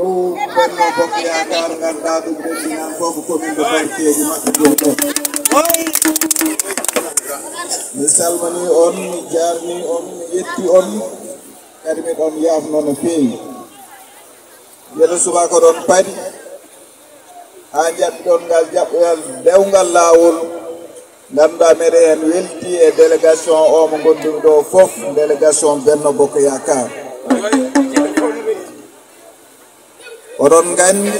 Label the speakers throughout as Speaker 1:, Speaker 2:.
Speaker 1: dow penno bokke yakar ganda ɗum resinan koko commune de partiéji maɓɓe mi salmani on mi jarni on mi yetti on kadi miɗon yafno no feewi yeɗo suba ko ɗon paadi ha jaɓɓiɗon ngal jaɓɓoyal dewgal lawol ganda meɗe hen welti e délégation o mo gondumi ɗo foof délégation benno bokko yakar oɗon gandi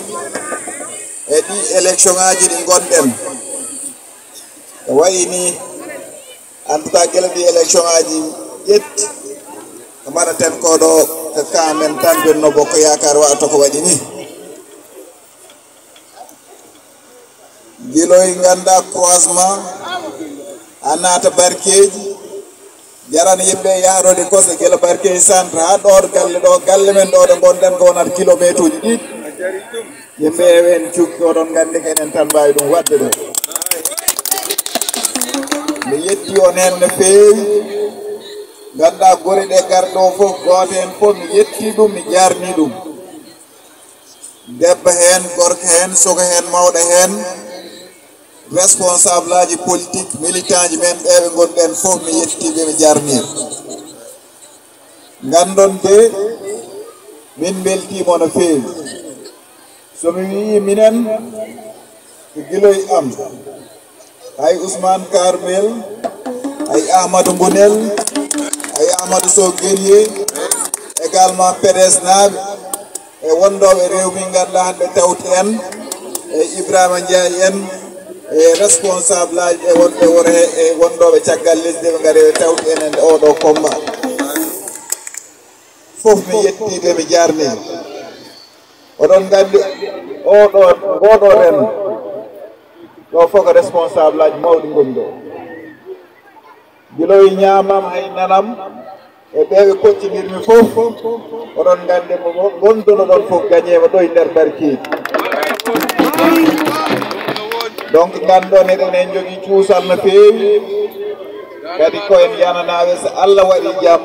Speaker 1: e ɗi élection aji ɗi gonɗen e wayini anduta gele ɗi élection aji ƴetti mbaɗaten ko ɗo ko e kamen tan benno bokko yakar wato ko waɗi ni giloy ganda croisement a naata barkeji jarana yimɓe yaarode kose guila barke centre ha ɗon galle ɗo galle men ɗo ɗo gonɗen ko wonata kilométre uji ɗiɗi yimɓe en cukki oɗon gandi kenen tan mbawi ɗum wadde ɗum mi yetti on hen no feewi ganda gori ɗe garɗo fof goto hen fof mi yetti ɗum mi jarni ɗum debbo hen gorko hen soko hen mawɗo hen responsable aji politique militant ji men ɓe ɓe gonɗen fof mi yettiɓe mi jarni en gandon de min beltimo no feewi somi wii minen ko giloy am hay ousmane carmel hay ahmadou gounel hay ahmadou sow guerrier également pds nag e wondoɓe rewmi ganduɗa hande tawti en e ibrahima ndiaye en e responsable aji e wonɓe wore e wondoɓe caggal lesdi e ɓe gaari e tawɗi enen oɗo comba foof mi yettide mi jarni oɗon gandi oɗo ngoɗo ren ɗo foof ko responsable aji mawɗi gooni ɗo guiloy ñamam hay nanam e ɓeɓe koccidirmi foof oɗon gandi gonduno ɗon foof gañe mo ɗo e nder barkiji donc ganɗon eɗenen jogui cuusan no fewi kadi koyen yananaɓe so allah waɗi jaam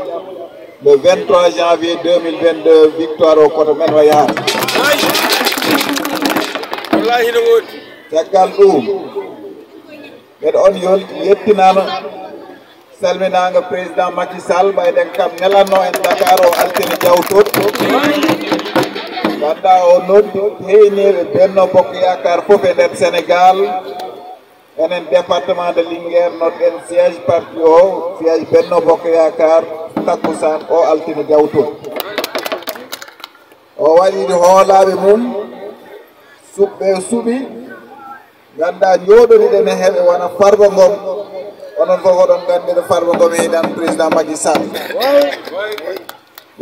Speaker 1: le 23 janvier 2022 victoire o koto men wayaawallahino wodi caggal ɗum mbeɗa on yon yettinano salminaga président macky sall ɓayɗen kam nelanno en dakar o altini jawtot ganduɗa o noddu heyneɓe benno bokko yakar foof e nder sénégal enen département de linguer noɗɗen siége parti o siége benno bokko yakar takkusan o altini gawtol o waɗiɗi hoolaɓe mum suɓɓe suuɓi ganda yoɗoriɗene heeɓe wona farba ngom onon fof oɗon gandiɗo farba ngom e heydan président madi sall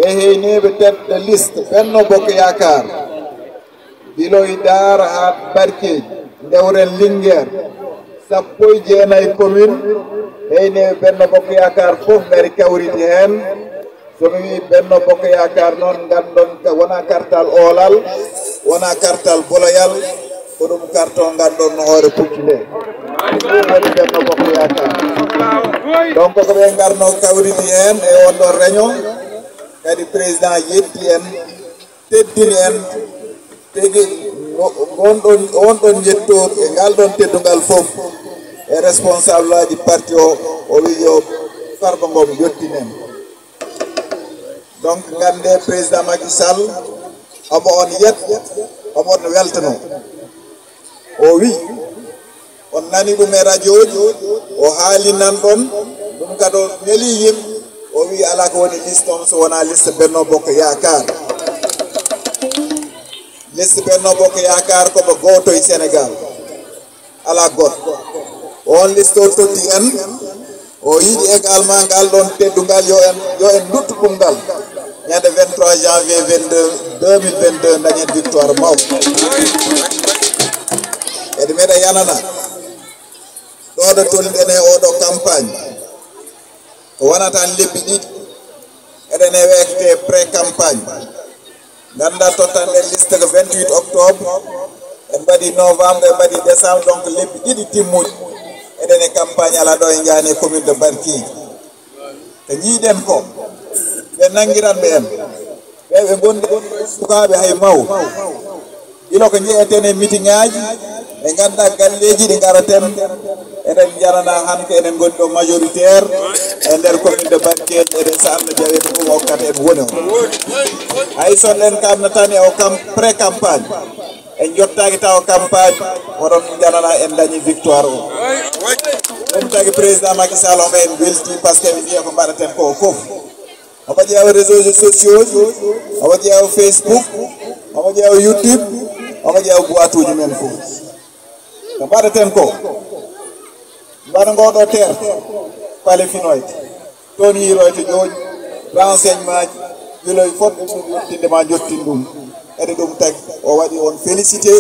Speaker 1: ɓe heyneɓe tedɗe liste ɓenno bokko yakar biloye daara ha barkeji dewren linguere sappo e jeenayyi commune heyneɓe ɓenno bokko yakar foof gari kawriti hen somi wi ɓenno bokko yakar noon gandon wona kartal oolal wona kartal boloyal ko ɗum karto gandon no hoore pucci nde ɗumwaɗi ɓenno bokko yakar donc koɓe garno kawriti hen e onɗon réunion kadi président yetti en teddini en tegi gonɗon wonɗon yettor e ngal ɗon teddugal foof e responsable aji parti o o wi yo farba ngom yettinen donc gande président maky sall omo on yet omo on weltano o wi on nani ɗum e radio ji o haalinan ɗon ɗum kadi o meli yimɓe o wi ala ko woni liste on so wona liste benno boko yakar liste benno boko yakar koɓe gooto e sénégal ala goto on liste o toddi en o yiiɗi également ngal ɗon teddungal yo en yo en duttu ɗum ngal ñande 23 janvier 22 2022 dañen victoire maw eɗi meɗe yanana ɗoɗo tolɗene oɗo campagne wana tan lebbi ɗiɗi eɗen e wekte pré campagne ganda le liste ko 28 octobre e badi novembre e badi décembre donc lebbi ɗiɗi timmuɗi eɗen campagne ala do e commune de te ko dem ko be nangiran be en ɓe be gondi sukaɓe hay maw ilo ko jeeten e meeting aji e ganda galleji ɗi garaten eɗen jarana hanke eɗen goni ɗo majoritaire e nder commune de banque en eɗen saalno jaweede fof hokkata en woni on hay so en kamnatan e o kam pré campagne en jottaki taw campagne oɗon janana en dañi victoire o ɗum tagi président maky sall omo en welti par ce que ɓe wiya ko mbaɗaten ko fof omo ƴeewa réseau sociaux omo ƴeewa facebook omo ƴeewa youtube omo ƴeewa boite uji men fof ko mbaɗaten ko mbaɗa ngoɗo terre les toon Tony ƴooƴi renseignement ji guiloye fof ɗum ɗum wottinde ma jottin ɗum Et de o on félicité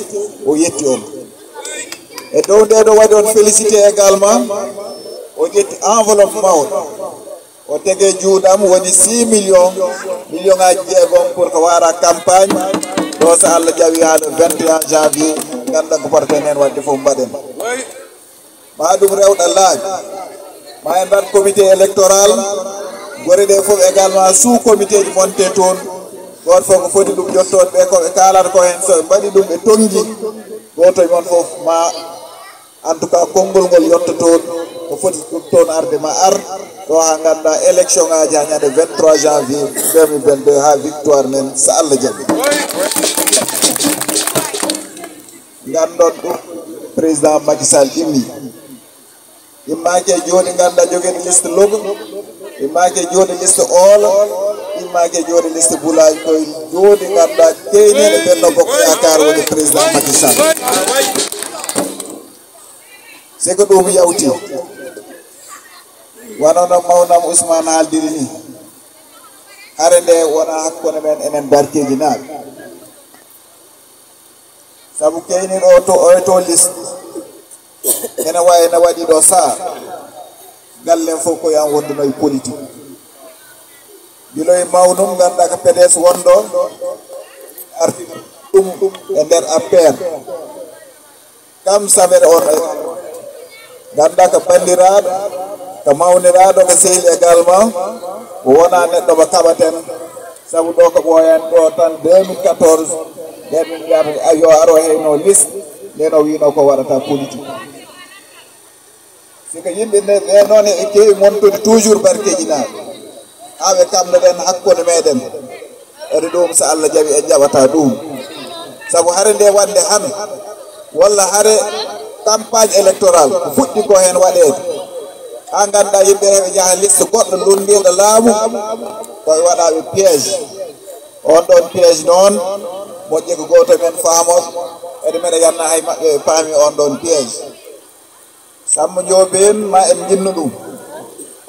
Speaker 1: o yetti on e dow nde ɗo waɗi on félicité également o ƴetti enveloppe mawɗo o tege juuɗam woni 6 millions millions ngaji jeegom pour que wara campagne do sa allah jawi ha le 21 janvier ganda ko parten hen wadde fof ma ɗum rewɗa laabi ma bat comité électoral gore ɗe fof également sous comité du monté ton gor fof foti dum jotto be ko e kalar ko hen so badi dum ɓe tongi goto e mon fof ma en tout cas kongol ngol yotta toon ko foti dum ton arde ma ar ɗo ha ganda élection a janya de 23 janvier 2022 ha victoire men sa allah jaaɓi gandon président Macky Sall immaki e joni ganduɗa jogueɗo liste logo immaki e joni liste oolo immaki e joni liste bulaji koye joni ganduɗa teynede ɓenno bokko yakar woni président makisan siko ɗum yawti wonono mawnam ousmane haaldiri ni hare nde wona hakkunde men enen barkeji naaɓe saabu keyniɗo to oyto liste ene way ene waɗi ɗo sar gallen fof ko yan wondunoy politique mbiloye mawnum ganduɗa ko pds wonɗo arti ɗum e nder appaire kam samere on ganduɗa ko bandiraɗo ko mawniraɗo ko sehli également ko wona neɗɗo mo kaɓaten saabu ɗo ko ɓoyan ɗo tan 2014 nden min mbiyata yo aro heyno liste ndeno wino ko waɗata politique si ko yimɓe ɓe noon e keewi montude toujours barkeji naa haa ɓe kamna ɗen hakkunde meɗen ede ɗum so allah jaɓi en jaɓata ɗum saabu hare nde wande hane walla hare campagne électoral ko fuɗɗi ko heen waɗede haa ngannduɗa yimɓe heɓe jaha liste goɗɗo lundiɗo laamu koye waɗaɓe piége on ɗon piége noon moƴƴi ko gooto men faamoɓe ede mbeɗa yanna hay maɓɓe paami on ɗon piége sammo jooɓel ma en njinnu ɗum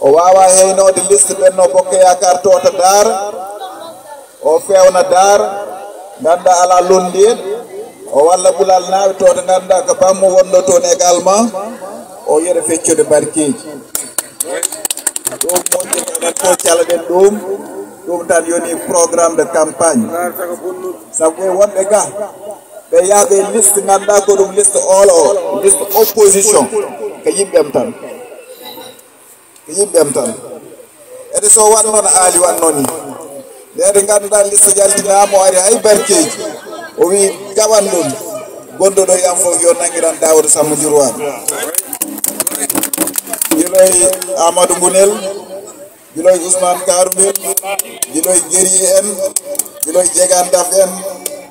Speaker 1: o wawa heynode liste ɓenno bokke yakar toota daar o fewna daar ganda ala londin o walla ɓulal naaɓe toota ganda ko bammo wonno toon également o yeɗa feccude barkeji ɗum moƴƴi kaɗen fo calaɗen ɗum ɗum tan yoni programme de campagne saabu ɓe wonɓe ga ɓe yaaga e liste ganduɗa ko ɗum liste olo o liste opposition ko yimɓem tan ko yimɓem tan ede so watnoon aali watnoo ni ndede ngannduɗa lista jaltinaama o ari hay barkeeji o wii jaɓan ɗum gonɗo ɗo yam fof yo nangiran dawde sammo jurwaaɓe giloy amadou ngunel giloy Usman karoumel giloy guéri en giloy jegan daf en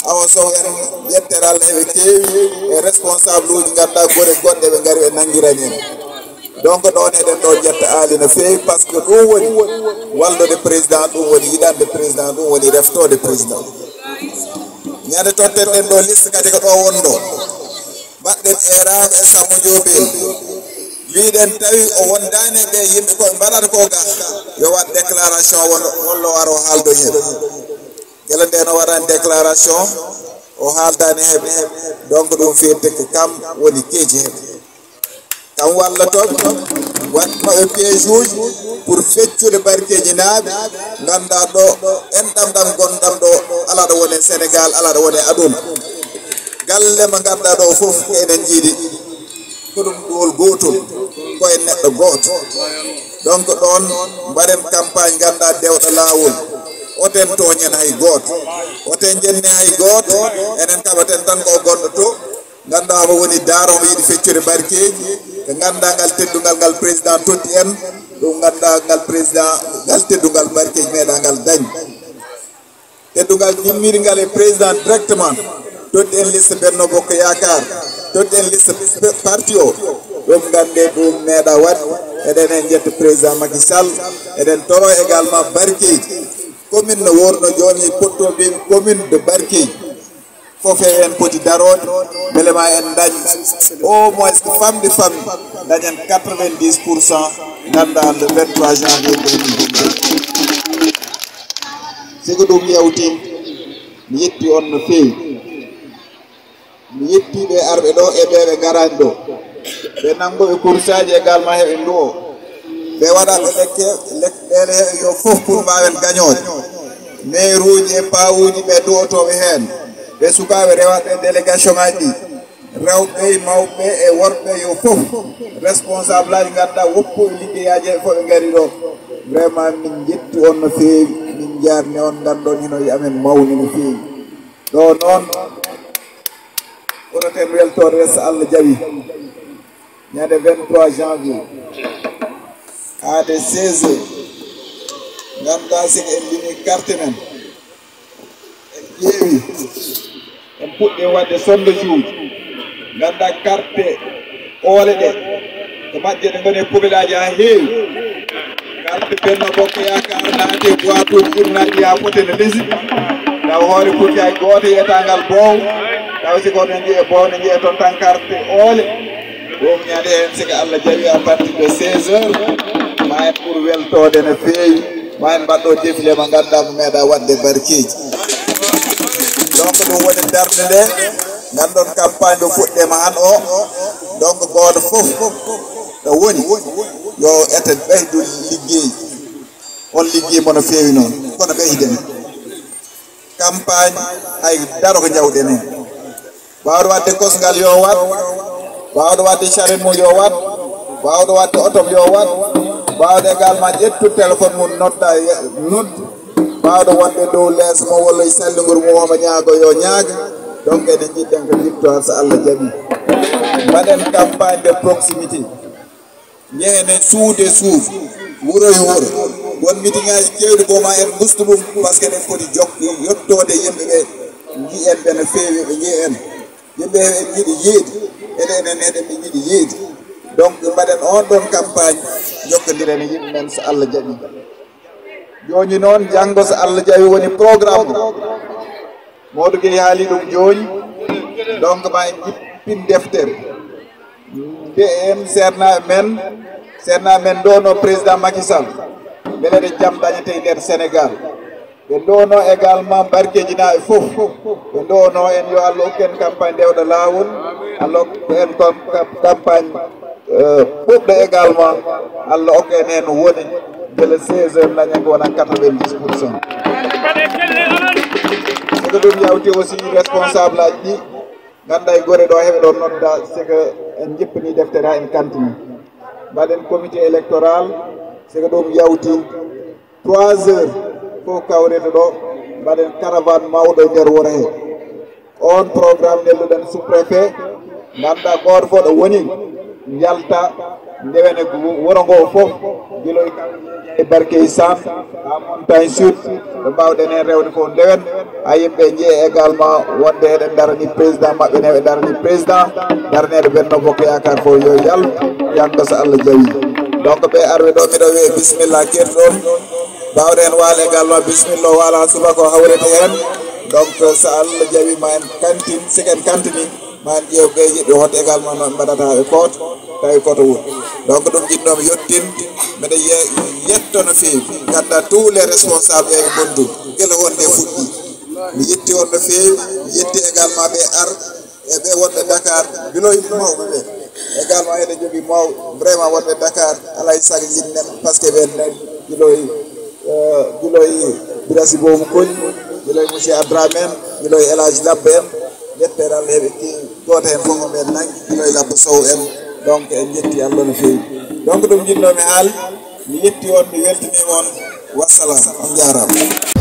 Speaker 1: awo sow en yettere allah eɓe kewi e responsable uji ganduɗa gore goɗɗe ɓe gaari ɓe nanguiranien donc ɗon eɗen ɗo jetta aali no fewi par ce que ɗum woni wallude président ɗum woni yiɗande président ɗum woni reftode président ñande totten ɗen ɗo liste kadi ko ɗo wonɗo mbaɗɗen erama e, e sammo joɓel wiɗen tawi o wondani ɓe yimɓe koɓe mbaɗata ko ga yo wat déclaration wonɗo holno waro haaldo hen beele ndeno waɗani déclaration o haaldani heeɓe donc ɗum fiirde ko kam woni keeji heeɓe kam wallatoɓe wanmaɓe piége uji pour feccude barkeji naaɓe ganda ɗo enɗam ɗam gonɗam ɗo ala ɗo woni sénégal ala ɗo woni aduna galle ma ganduɗa ɗo foof eɗen jiiɗi ko ɗum ɗuwol gotol koye neɗɗo goto donc ɗon mbaɗen campagne ganduɗa dewɗo lawol oten toñen hay goto oten jenne hay goto enen kaɓaten tan ko gonɗo to gandawamo woni daromo yiiɗi feccude barkeji ko gandangal teddugal ngal président totti en ɗum gandangal président ngal teddugal barkeji meeɗa ngal dañ teddugal jimmirgal e président directement totti en liste benno bokko yakar totti en liste parti o ɗum gande ɗum meeɗa waɗ eɗen en jetta président makisall eɗen toro également barkeji commune no worno joni poɗɗo mbimi commune de barkey foof e en poti daroɗe beele ma en dañ au moins ko famɗi famɗi dañen 90 pour cent ganda le 23 janvier siko ɗum yewti mi yetti on no fewi mi yettiɓe arɓe ɗo e ɓeɓe garani ɗo ɓe nangoɓe course aji égal e ma heɓe du o ɓe waɗaɓe lekke lekɓele heɓe yo foof pour mbawen gañode maire uji e pawuji ɓe duotoɓe hen ɓe sukaɓe rewaɓe e délégation ngaji ɗi rewɓe mawɓe e worɓe yo foof responsable aji ganduɗa woppuɓe liggueyaji ɓe foof ɓe gari ɗo vraiment min jetti on no fewi min jarni on ganduɗon hino yi amen mawni no fewi ɗo noon ɓuroten weltore resa allah jaawi ñande 23 janvier haade 16 heures ngamda sigi en limi carte men en ƴeewi en puɗɗi wadde sonde juuji ngannda carte oole ɗe ko majje ɗe ngoni e poubel aji ha heewi carte penno bokko yakar naate boitoji ɓurnaɗi ha pote ne lesi taw hoore kuti ay goote yiyetangal boow taw sigo no jiye boow no jiye toon tan carte oole ɗum ñande hen sigi allah jawi a partir de 16 heures ma en ɓur weltode no feewi man mbaɗɗo défilé ma ganda mo meeɗa wadde barkeji donc ɗum woni darde nde gandon campagne ɗo ma an o donc gooto fof ɗo woni yo eten ɓeydu liggey on liggey mono feewi noon kono ɓeyden campagne hay daro ko jawɗen hen wawɗo wadde kosgal yo wat wawɗo wadde charette mo yo wat wawɗo wadde otom yo wat mbawde gal ma ƴettu téléphone mum notta nodde mbawde wonde dow lees mo walla sallingol mum omo ñaago yo ñaaga donc ene jiɗɗen ko jitto so allah jaaɓi mbaɗen campagne de proximité yehene suude suuf wuuro e wuuro won meeting aji kewɗi goma en gustu ɗum par ce que ɗen foti jokki yettode yimɓeɓe jiyen ɓe no fewi ɓe jiyen yimɓeɓe en jiiɗi yeedi eɗe enen eɗen e ɓe jiiɗi yeedi donc mbaɗen on ɗon campagne jokkodiren e yimɓe men so allah jaɓi joni noon janggo so allah jaɓi woni programme ɗum moɗoge haali ɗum joni donc ma en jippin deftere de en sernaɓe men sernaɓe men ndono président makisal beleɗe jam dañetey e nder sénégal ɓe ndono également barkeji naɓe foof ɓe ndono en yo allah hokken campagne dewɗo lawol allah hokken campagne ɓuɓɗe également e allah oke nen woni dele 16 heure dañen ko wona 90 pourcent soko ɗum yawti aussi responsable aji ɗi ganduɗa e gore ɗo heɓe ɗo nodda sego en jippini deftere ha en kantini mbaɗen comité électoral sego ɗum yawti 3 heures fof kawrede ɗo mbaɗen caravane mawɗo e nder wora he on programme nelluɗen sous préfet ganduɗa goto fo ɗo woni yalta ndewene wuro ngo fof giloy e barke sam ha montagne sud ɓe mbawɗen hen rewde fof ndewen ha yimɓe jeeya également wonde eɗen darani président maɓɓe ne ɓe darani président darnede ɓenno bokko yakar fof yo yal yanko sa allah jawi donc ɓe arɓe do miɗo wiye bisimilla keɗɗon mbawɗe hen waal également e bisimilla o waala subaka o hawrete hen donc sa allah jawi ma en kantin siken kantini ma en ƴeew ɓe hot également e noon mbaɗata ɓe tay koto wuro donc ɗum jinnomi yettin mbiɗa yetto no fi gadda tous les ay ya bondu gel won de fuddi mi yetti won no feewi yetti également e be ar e be wonɓe dakar biloyim mawɓe ɓe également e eɗen jogi maw vraiment wonɓe dakar alay saago yi nem parce que ɓen nen grâce bo mo koñ koni biloyi monsieur adramen biloyi élage labbe en yettere allah heɓe kewi goto hen fof omen nangi biloyi labbo sow en donc en jetti allah no fewi donc ɗum jinnomi haali mi yetti on mi weltanima on wassalam on jarama